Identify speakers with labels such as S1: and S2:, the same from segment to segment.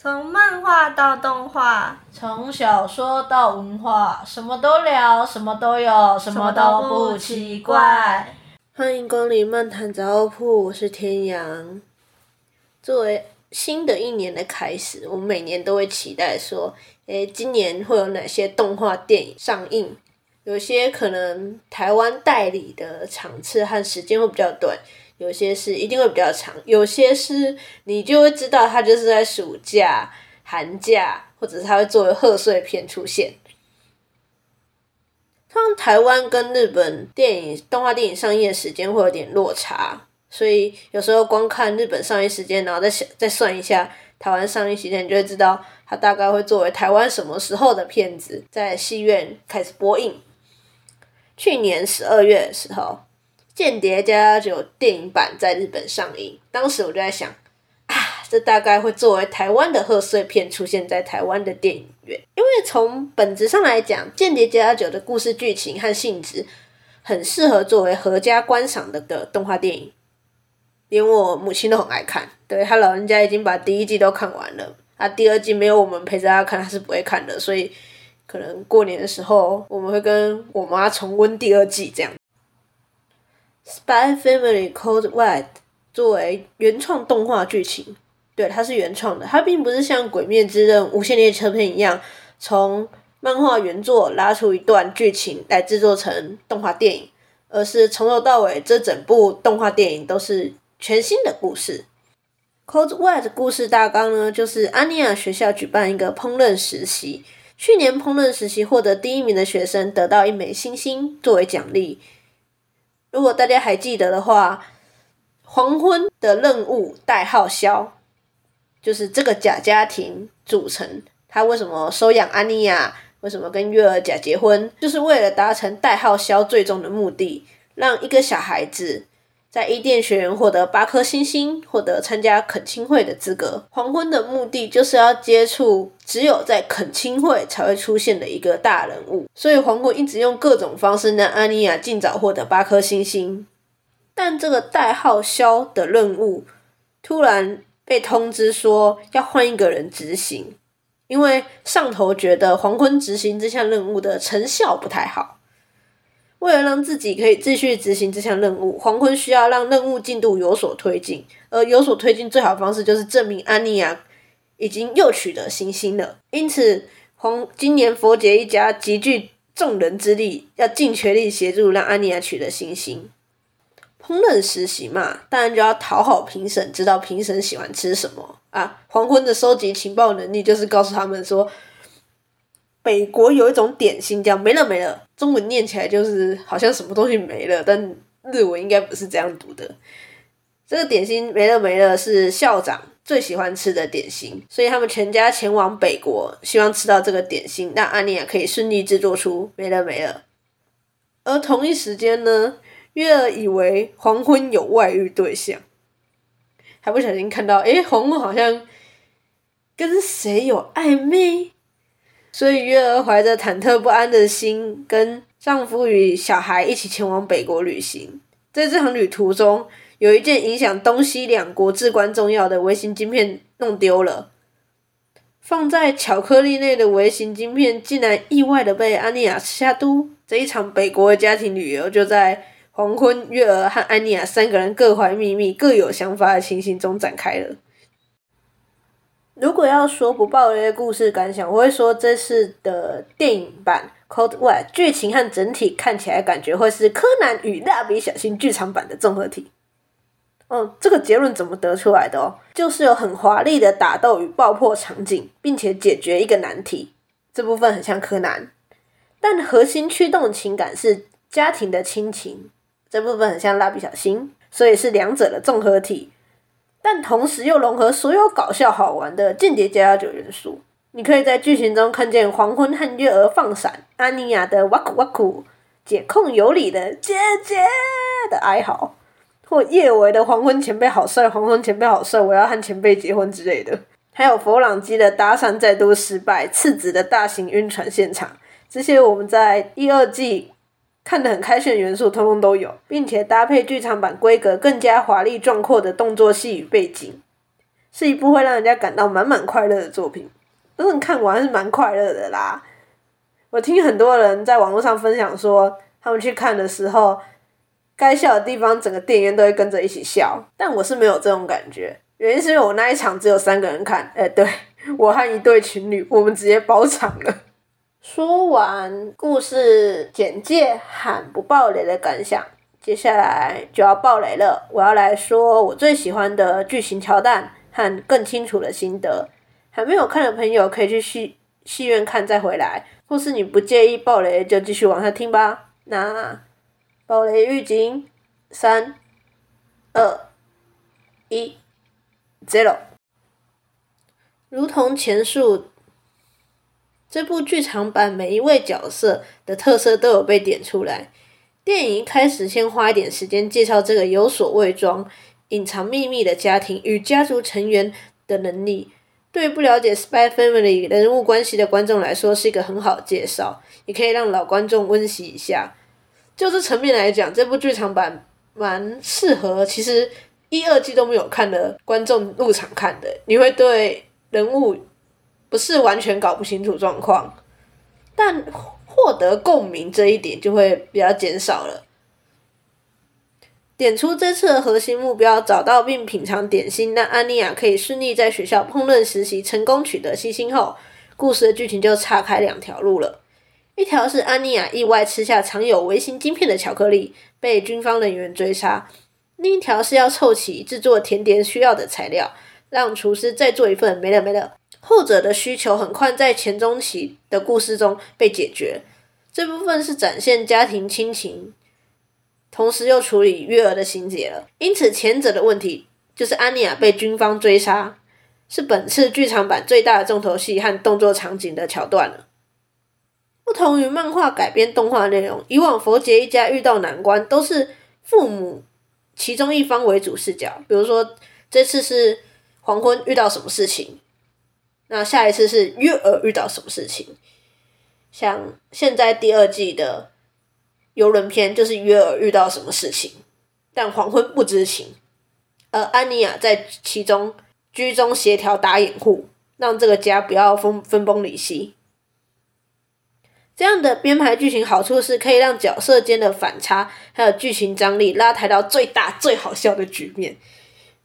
S1: 從漫畫到動畫，從小說到文化，什麼都聊，什麼都有，什麼都不奇怪。歡迎光臨漫談雜貨鋪，我是天陽。作為新的一年的開始，我們每年都會期待說，誒，今年會有哪些動畫電影上映？有些可能台灣代理的場次和時間會比較短。有些是一定會比較長，有些是你就會知道它就是在暑假、寒假，或者是它會作為賀歲片出現。通常台灣跟日本電影、動畫電影上映的時間會有點落差，所以有時候光看日本上映時間，然後再想再算一下台灣上映時間，你就會知道它大概會作為台灣什麼時候的片子在戲院開始播映。去年十二月的時候。《間諜家家酒》電影版在日本上映，當時我就在想，啊，這大概會作為台灣的賀歲片出現在台灣的電影院。因為從本質上來講，《間諜家家酒》的故事劇情和性質很適合作為合家觀賞的的動畫電影，連我母親都很愛看。對她老人家已經把第一季都看完了，啊，第二季沒有我們陪着她看，她是不會看的。所以可能過年的時候，我們會跟我媽重溫第二季這樣。《Spy Family Code White》作為原創動畫劇情，對它是原創的，它並不是像《鬼滅之刃》《無限列車篇》一樣，從漫畫原作拉出一段劇情來製作成動畫電影，而是從頭到尾，這整部動畫電影都是全新的故事。《Code White》故事大綱呢，就是安妮亞學校舉辦一個烹飪實習，去年烹飪實習獲得第一名的學生得到一枚星星作為獎勵。如果大家還記得的話，黃昏的任務代號“梟”，就是這個假家庭組成。他為什麼收養安妮亞，啊？為什麼跟約兒假結婚？就是為了達成代號“梟”最終的目的，讓一個小孩子，在伊甸學院獲得八顆星星，獲得參加懇親會的資格。黃昏的目的就是要接觸只有在懇親會才會出現的一個大人物，所以黃昏一直用各種方式讓安妮亞盡早獲得八顆星星。但這個代號“梟”的任務突然被通知說要換一個人執行，因為上頭覺得黃昏執行這項任務的成效不太好。為了讓自己可以繼續執行這項任務，黃昏需要讓任務進度有所推進，而有所推進最好的方式就是證明安妮亞已經又取得星星了。因此，黃今年佛傑一家集聚眾人之力，要盡全力協助讓安妮亞取得星星。烹飪實習嘛，當然就要討好評審，知道評審喜歡吃什麼啊。黃昏的收集情報能力就是告訴他們說，北國有一種點心叫梅勒梅勒，中文念起來就是好像什麼東西沒了，但日文應該不是這樣讀的。這個點心梅勒梅勒是校長最喜歡吃的點心，所以他們全家前往北國，希望吃到這個點心，讓安妮亞可以順利製作出梅勒梅勒。而同一時間呢，月兒以為黃昏有外遇對象，還不小心看到，誒，黃昏好像跟誰有曖昧。所以，約兒懷着忐忑不安的心，跟丈夫與小孩一起前往北國旅行。在這場旅途中，有一件影響東西兩國至關重要的微型晶片弄丟了。放在巧克力內的微型晶片，竟然意外的被安妮亞吃下肚。這一場北國的家庭旅遊，就在黃昏，約兒和安妮亞三個人各懷秘密、各有想法的情形中展開了。如果要說不爆雷的故事感想，我會說這次的電影版《CODE：White》劇情和整體看起來感覺會是《柯南》與《蠟筆小新》劇場版的綜合體。哦，這個結論怎麼得出來的哦？就是有很華麗的打鬥與爆破場景，並且解決一個難題，這部分很像柯南；但核心驅動情感是家庭的親情，這部分很像蠟筆小新，所以是兩者的綜合體。但同時又融合所有搞笑好玩的《間諜家家酒》元素，你可以在劇情中看見黃昏和約兒放閃，安妮亞的哇酷哇酷，解控尤里的姐姐的哀嚎，或夜帷的黃昏前輩好帥，黃昏前輩好帥，我要和前輩結婚之類的，還有佛朗基的搭訕再度失敗，次子的大型暈船現場，這些我們在第二季。看得很開心的元素通通都有，並且搭配劇場版規格更加華麗壯闊的動作戲與背景，是一部會讓人家感到滿滿快樂的作品。真正看完是蠻快樂的啦。我聽很多人在網絡上分享說，他們去看的時候，該笑的地方整個電影院都會跟着一起笑，但我是沒有這種感覺。原因是因為我那一場只有三個人看，哎、欸，對，我和一對情侶，我們直接包場了。說完故事簡介，和不暴雷的感想，接下來就要暴雷了。我要來說我最喜歡的劇情橋段和更清楚的心得。還沒有看的朋友可以去戲戲院看再回來，或是你不介意暴雷就繼續往下聽吧。那暴雷預警，三二一，zero。如同前述，這部劇場版每一位角色的特色都有被點出來。電影一開始先花一點時間介紹這個有所偽裝、隱藏秘密的家庭與家族成員的能力，對不了解《Spy Family》人物關係的觀眾來說是一個很好的介紹，也可以讓老觀眾溫習一下。就這層面來講，這部劇場版蠻適合其實一二季都沒有看的觀眾入場看的，你會對人物。不是完全搞不清楚狀況，但獲得共鳴這一點就會比較減少了。點出這次的核心目標：找到並品嘗點心。那安妮亞可以順利在學校烹飪實習，成功取得星星後，故事的劇情就岔開兩條路了。一條是安妮亞意外吃下藏有微型晶片的巧克力，被軍方人員追殺；另一條是要湊齊制作甜點需要的材料，讓廚師再做一份。沒了，沒了。後者的需求很快在前中期的故事中被解決，這部分是展現家庭親情，同時又處理約兒的情節了。因此，前者的問題就是安妮亞被軍方追殺，是本次劇場版最大的重頭戲和動作場景的橋段了。不同於漫畫改編動畫內容，以往佛傑一家遇到難關都是父母其中一方為主視角，比如說這次是黃昏遇到什麼事情。那下一次是約爾遇到什麼事情？像現在第二季的遊輪篇，就是約爾遇到什麼事情，但黃昏不知情，而安妮亞在其中居中協調打掩護，讓這個家不要分分崩離析。這樣的編排劇情好處是可以讓角色間的反差還有劇情張力拉抬到最大最好笑的局面。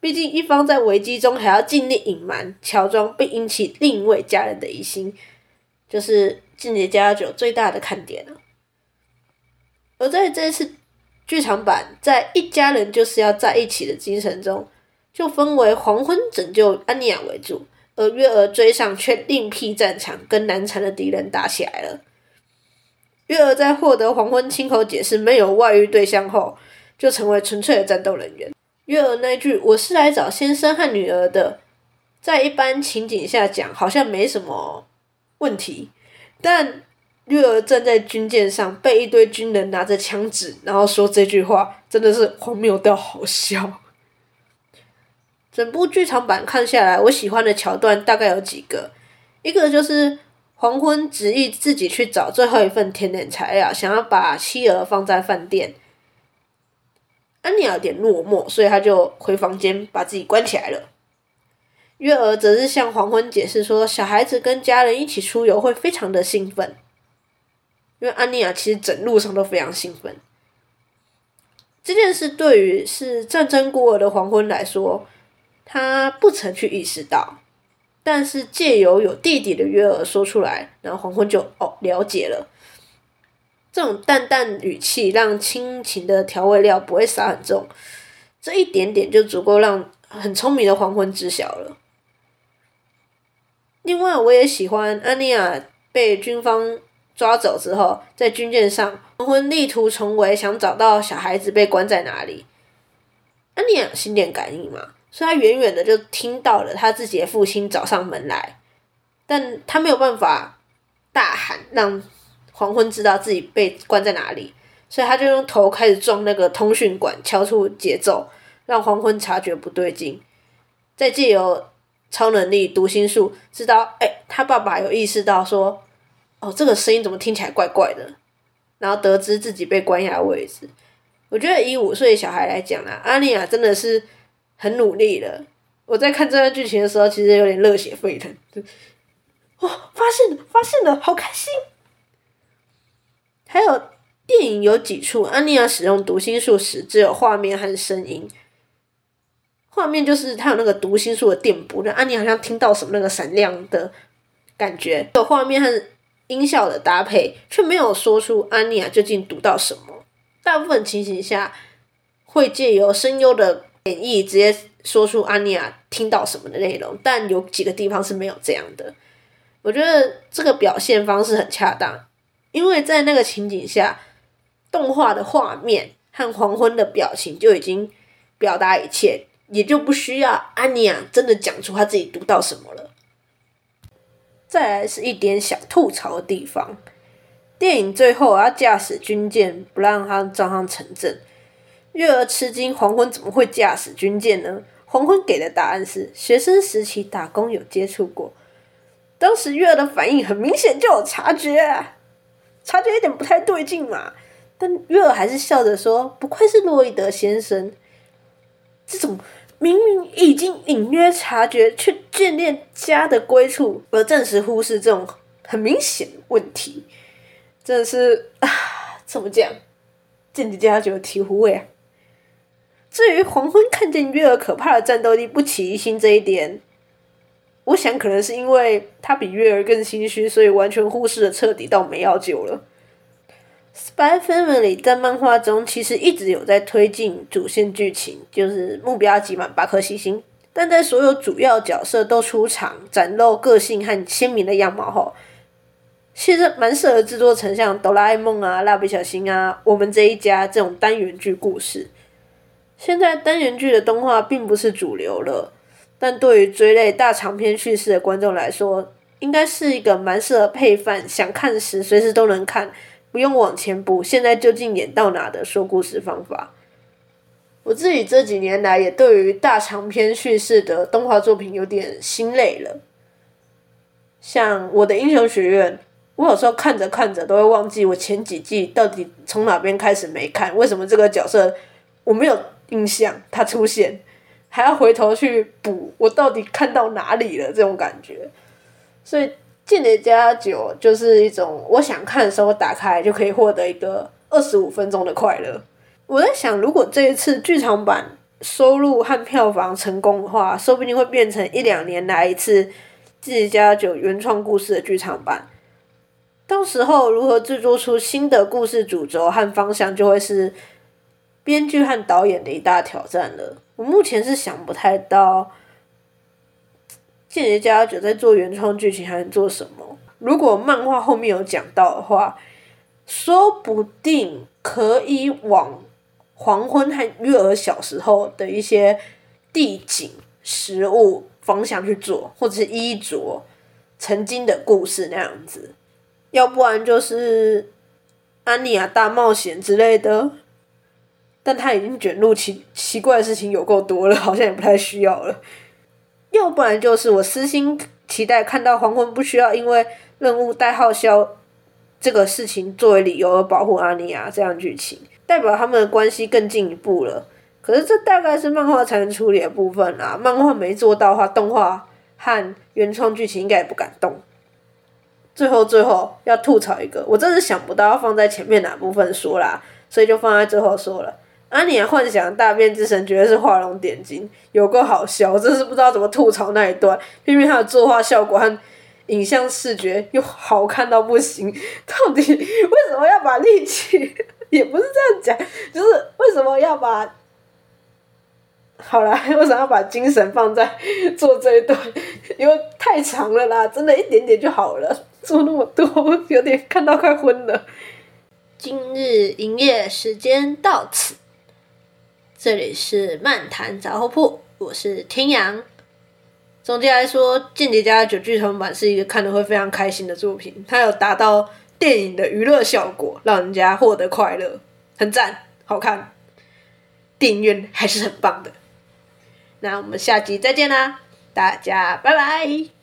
S1: 畢竟，一方在危機中還要盡力隱瞞、喬裝，並引起另一位家人的疑心，就是《間諜家家酒》最大的看點了。而在這一次劇場版，在“一家人就是要在一起”的精神中，就分為黃昏拯救安妮亞為主，而約兒追上卻另闢戰場，跟難纏的敵人打起來了。約兒在獲得黃昏親口解釋沒有外遇對象後，就成為純粹的戰鬥人員。月兒那一句“我是來找先生和女兒的”，在一般情景下講好像沒什麼問題，但月兒站在軍艦上，被一堆軍人拿着槍指，然後說這句話，真的是荒謬到好笑。整部劇場版看下來，我喜歡的橋段大概有幾個，一個就是黃昏執意自己去找最後一份甜點材料，想要把妻兒放在飯店。安妮亞有點落寞，所以他就回房間把自己關起來了。約兒則是向黃昏解釋說，小孩子跟家人一起出遊會非常的興奮，因為安妮亞其實整路上都非常興奮。這件事對於是戰爭孤兒的黃昏來說，他不曾去意識到，但是借由有弟弟的約兒說出來，然後黃昏就哦了解了。這種淡淡語氣，讓親情的調味料不會撒很重，這一點點就足夠讓很聰明的黃昏知曉了。另外，我也喜歡安妮亞被軍方抓走之後，在軍艦上黃昏力圖重圍，想找到小孩子被關在哪裡。安妮亞心電感應嘛，所以她遠遠的就聽到了她自己的父親找上門來，但她沒有辦法大喊讓黃昏知道自己被關在哪裡，所以他就用頭開始撞那個通訊管，敲出節奏，讓黃昏察覺不對勁。再借由超能力讀心術，知道哎、欸，他爸爸有意識到說，哦，這個聲音怎麼聽起來怪怪的？然後得知自己被關押的位置。我覺得以五歲的小孩來講呢、啊，安妮亞真的是很努力了。我在看這段劇情的時候，其實有點熱血沸騰。哇、哦，發現了，發現了，好開心！還有電影有幾處，安妮亞使用讀心術時，只有畫面和聲音。畫面就是他有那個讀心術的電波，讓安妮好像聽到什麼那個閃亮的感覺。有畫面和音效的搭配，卻沒有說出安妮亞究竟讀到什麼。大部分情形下，會借由聲優的演繹直接說出安妮亞聽到什麼的內容，但有幾個地方是沒有這樣的。我覺得這個表現方式很恰當。因為在那個情景下，動畫的畫面和黃昏的表情就已經表達一切，也就不需要安妮亞、啊、真的講出她自己讀到什麼了。再來是一點想吐槽的地方：電影最後要、啊、駕駛軍艦，不讓她撞上城鎮。約兒吃驚，黃昏怎麼會駕駛軍艦呢？黃昏給的答案是學生時期打工有接觸過。當時約兒的反應很明顯，就有察覺、啊。察覺一點不太對勁嘛，但約爾還是笑着說：“不愧是洛伊德先生，這種明明已經隱約察覺，卻眷戀家的歸處而暫時忽視這種很明顯的問題，真的是、啊、怎麼講，見簡直就有體會呀、啊。至於黃昏看見約爾可怕的戰鬥力不起疑心這一點。我想可能是因為他比約兒更心虛，所以完全忽視得徹底到沒藥救了。Spy Family 在漫畫中其實一直有在推進主線劇情，就是目標集滿八顆星星。但在所有主要角色都出場、展露個性和鮮明的樣貌後，其實蠻適合製作成像哆啦 A 夢啊、蠟筆小新啊、我們這一家這種單元劇故事。現在單元劇的動畫並不是主流了。但對於追累大長篇敘事的觀眾來說，應該是一個蠻適合配飯，想看時隨時都能看，不用往前補。現在究竟演到哪的說故事方法？我自己這幾年來也對於大長篇敘事的動畫作品有點心累了。像《我的英雄學院》，我有時候看着看着都會忘記我前幾季到底從哪邊開始沒看，為什麼這個角色我沒有印象他出現。還要回頭去補，我到底看到哪裡了？這種感覺。所以《間諜家家酒》就是一種，我想看的時候打開就可以獲得一個二十五分鐘的快樂。我在想，如果這一次劇場版收入和票房成功的話，說不定會變成一兩年來一次《間諜家家酒》原創故事的劇場版。到時候如何制作出新的故事主軸和方向，就會是編劇和導演的一大挑戰了。我目前是想不太到，《間諜家家酒》在做原創劇情還能做什麼？如果漫畫後面有講到的話，說不定可以往黃昏和約兒小時候的一些地景、食物方向去做，或者是衣着、曾經的故事那樣子。要不然就是安妮亞大冒險之類的。但他已經捲入奇奇怪的事情有夠多了，好像也不太需要了。要不然就是我私心期待看到黃昏不需要因為任務代號梟這個事情作為理由而保護安妮亞這樣劇情，代表他們的關係更進一步了。可是這大概是漫畫才能處理的部分啦、啊，漫畫沒做到的話，動畫和原創劇情應該也不敢動。最後最後要吐槽一個，我真是想不到要放在前面哪部分說啦，所以就放在最後說了。安妮亞、啊、幻想大便之神絕對是畫龍點睛，有夠好笑！我真是不知道怎麼吐槽那一段，偏偏他的作畫效果和影像視覺又好看到不行，到底為什麼要把力氣？也不是這樣講，就是為什麼要把？好啦，為什麼要把精神放在做這一段？因為太長了啦，真的一點點就好了，做那麼多有點看到快昏了。今日營業時間到此，這裡是漫談雜貨鋪，我是天陽。總結來說，《間諜家家酒劇場版》是一個看得會非常開心的作品，它有達到電影的娛樂效果，讓人家獲得快樂，很讚，好看，電影院還是很棒的。那我們下集再見啦，大家拜拜。